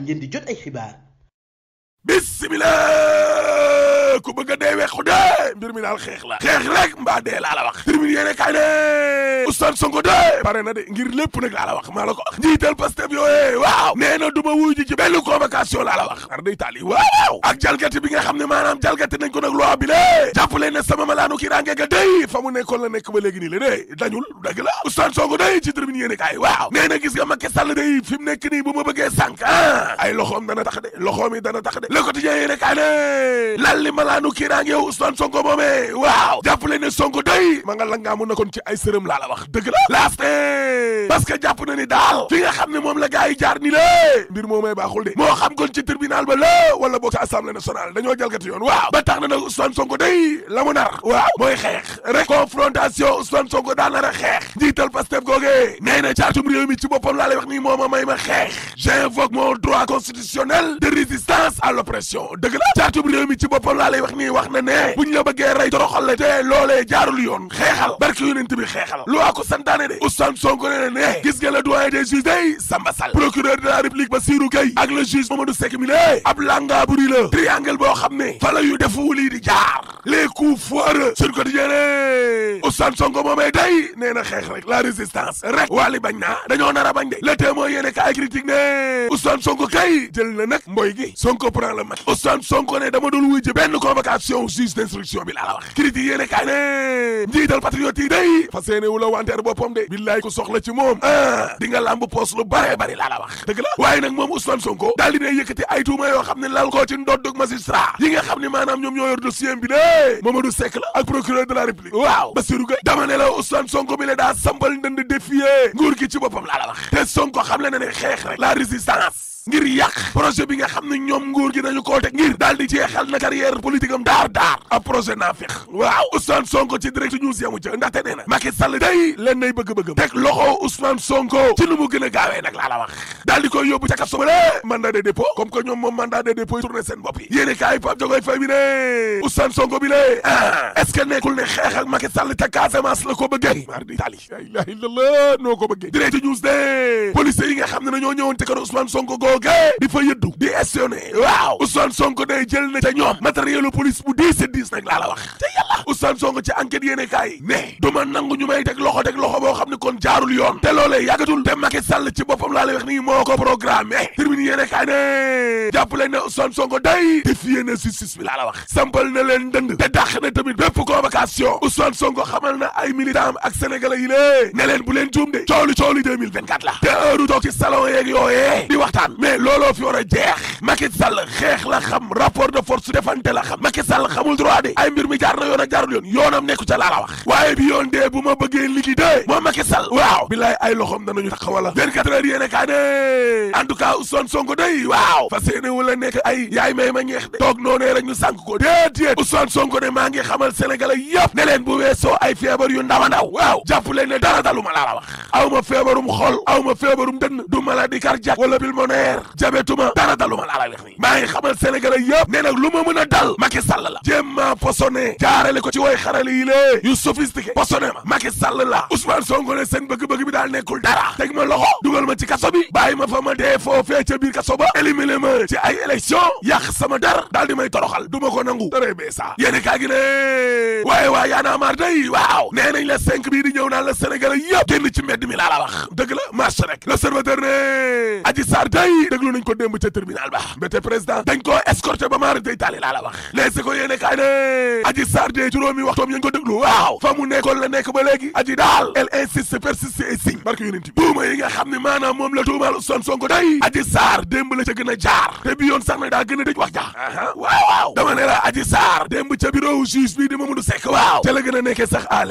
ngeen di jot ay xibaar bismillah ku bëgg a dee weexu dee mbir mi daal xeex la xeex rek mbaa dee laa a wax tribune yéene kaay ne Ousmane Sonko dee pare na de ngir lépp nag laa a wax maa la ko wax njiital Pastef yooye waaw nee na du ma wuyu ci benn convocation laa a wax ar day taali waaw waaw ak jalgati bi nga xam ne maanaam jalgati nañ ko nag loi bi lée sama malaanu ki raange ga day fa mu nekkoon nekk ba léegi nii la dañul dëgg la Ousmane Sonko day ci tribune yéene kaay waaw nee na gis laa malaanu kiiraange Ousmane Sonko moomee waaw jàppale ne Sonko day ma nga la ngaa na kon ci ay sërëm laa la wax dëgg la laaste parce que jàpp na ni daal fi nga xam ne moom la gaa yi jaar ni la mbir baa baaxul de moo xam kon ci tribunal ba la wala boog ci assemblée nationale dañoo jalgati yoon waaw ba tax na nag Ousmane Sonko day la mu nar waaw mooy xeex rek confrontation Ousmane Sonko daa nar a xeex njiital Pastef googee nee na caatum réew mi ci boppam laa wax nii mooma may ma j'invoque mon droit constitutionnel de résistance à l'oppression dëgg la caatub réew mi ci boppam laa wax nii wax na ne bu ñu la toroxal la te loolee jaarul yoon xeexal barke yonent bi xeexal lu waa santaane de Ousmane Sonko ne ne gis nga le doyen des juges day Samba procureur de la République Bassirou Gueye ak le juge Mamadou Seck mi ne ab langa buri la triangle boo xam ne fa yu defu lii di jaar a le témoin yéene ka ay critique ne Ousmane Sonko kay jël na nag mboy gi Sonko prend le mat Ousmane Sonko ne dama doon wujje benn convocation juge d'instruction bi laa la wax critique yéene kaay njiital patriote yi day fas la wanteer boppam de billaay ko soxla ci moom ah di nga lu bare bari laa la wax dëgg la waaye nag moom Ousmane Sonko daal dina yëkkati ay tuuma yoo xam ne lal koo ci ndoddug magistrat yi nga xam ne maanaam ñoom ñoo yor dossier bi de Mamadou Seck la ak procureur de la République waaw Bassirou Gueye dama ne la Ousmane Sonko bi le daa sambal ndënd défier xam le ne ne xeex rek la résistance ngir yàq projet bi nga xam ne ñoom nguur gi dañu koo teg ngir daal di jeexal na carrière politique am daar daar a projet naa fex waaw Ousmane Sonko ci direct news yamu ca ndaxte nee na Macky Sall day nay bëgg-bëggam teg loxo Ousmane Sonko ci nu gën a gaawee nag laa la wax daal koy yóbbu ca kaso ba mandat de dépôt comme que ñoom moom mandat de dépôt yi tourné seen bopp yi yéene kaay Pape bi ne Ousmane Sonko bi lée ah est-ce nekkul ne xeex ak Macky Sall la ko bëggee mardi tali la ilaha na ñoo ñëwoon te googee di fa yëddu di estionné waaw Ousmane Sonko day jël na ca ñoom matérielu police bu diis a diis nag laa la wax te yàlla Ousmane Sonko ci enquête yéene ne duma nangu ñu may teg loxo teg loxo boo xam ne kon jaarul yoon te loolee yàggatul te Macky Sall ci boppam laa lay wax nii moo ko programmé termine yéene kaay ne jàpp leen ne Ousmane Sonko day défié na justice bi laa la wax sampal na leen dënd te dàq na tamit bépp convocation Ousmane Sonko xamal na ay militant mais looloo fi war a jeex Macky Sall xeex la xam rapport de force defante la xam Macky Sall xamul droit ay mbir mi jaar na yoon ak jaarul yoon yoonam ca laa wax waaye bi yoon dee bu ma bëggee liquider moom Macky Sall waaw bilaay ay loxoom danañu taxawala 24 heures yéene tout cas Ousmane Sonko day waaw fas yéene wala nekk ay yaay may ma ñeex de toog noonee ñu sànk ko déedéet Ousmane Sonko ne maa ngi xamal Sénégalais yëpp ne leen bu weesoo ay feebar yu ndaw a ndaw waaw jàpp leen ne dara daluma laa wax aw ma feebarum xol aw ma feebarum dënn du maladie cardiaque wala pulmonaire cancer jabetuma dara daluma laa lay wax nii maa ngi xamal sénégalais yëpp nee nag lu ma mën a dal Macky Sall la jéemmaa posone jaarale ko ci way xarale yi lée yu sophistiqué posone ma Macky Sall la Ousmane ne seen bëgg-bëgg bi daal nekkul dara teg ma loxo dugal ma ci kaso bi ma fa ma dee foofee ca biir kaso ba ci ay élection yàq sama dar daal di may toroxal du ma ko nangu dara bee saa yéeni kaa gi ne waaye waa maar day waaw nee la cinq bii di bi déglu nañ ko démb ca tribunal ba mbéte président dañ koo escorté ba maara day taali laa la wax ko yéene kaay ne aji Sarr de juróomi waxtoom yañ ko déglu waaw fa mu nekkoon la nekk ba léegi aji daal elle insiste persiste et signe barke yonent a a a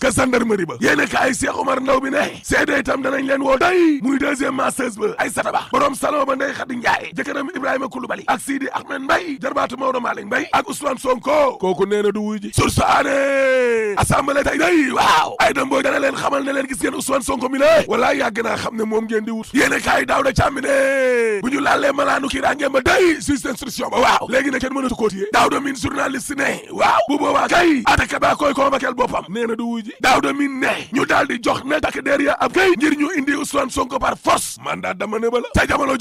ka gendarmerie ba yéene kaay bi ne seede itam danañ leen woo day muy deuxième masseuse ba ay sataba borom salon dooma Ndeye Khady Ndiaye jëkkëram Ibrahima Coulibaly ak Sidi Ahmed Mbaye jarbaatu Maodo Malick Mbaye ak Ousmane Sonko kooku nee na du wuy ji sur saane assemblée tey day waaw ay dëmboo dana leen xamal ne leen gis ngeen Ousmane Sonko mi la wala yàgg naa xam ne moom ngeen di wut yéene kaay daaw da càmmi ne bu ñu laalee malaanu kii daa ngeen ba day sus instruction ba waaw léegi ne kenn mënatu koo téye daaw da min journaliste waaw bu boobaa kay ataka baa koy convoquer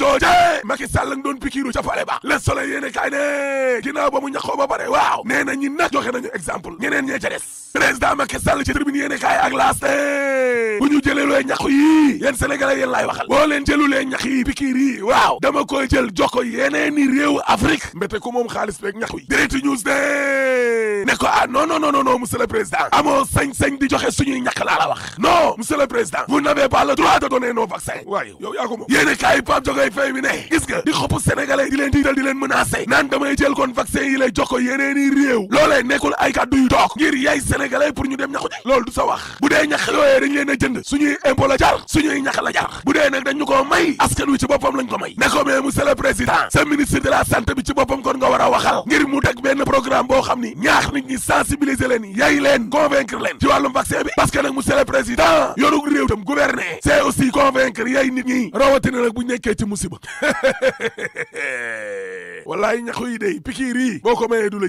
jooje Macky Sall lañ doon pikiiru ca fale ba le soleil yéene kaay ne ginnaaw ba mu ñaxoo ba waaw nee na ñi nag joxe nañu exemple ñeneen ñee ca des président Macky Sall ci tribune yéene kaay ak laas jëlulee ñax yii yéen sénégalais yéen laay waxal boo leen jëlulee ñax yi pikiir yi waaw dama koy ko yeneen ni réew Afrique mbéte ku moom yi direct news de ne ko ah non non non non monsieur le président amoo sañ-sañ di joxe suñuy ñàkk laa la wax non monsieur le président vous n'avez pas le droit de donner nos vaccins waaye yow yaa ko moom yéen a kaay Pape Jogoy i réew loolee nekkul ay kàddu yu toog ngir yay sénégalais pour ñu dem ñaxu ji loolu du sa wax bu dee ñax yooyee dañ leen a jënd suñuy impôt la jar suñuy ñax la jar bu dee nag dañu ko may askan wi ci boppam lañ ko may ne ko mais monsieur président sa ministre de la santé bi ci boppam kon nga war a waxal ngir mu teg benn programme boo xam ni ñaax nit ñi sensibiliser leen yay leen convaincre leen ci wàllum vaccin bi parce que nag monsieur le président yorug réew tam gouverner c'est aussi convaincre yay nit ñi rawatina nag bu nekkee ci musiba wallaay ñaxu yi day pikiir yi boo ko mayee du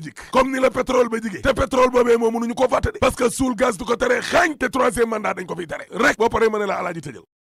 la pare ma ne la alaaji tëjal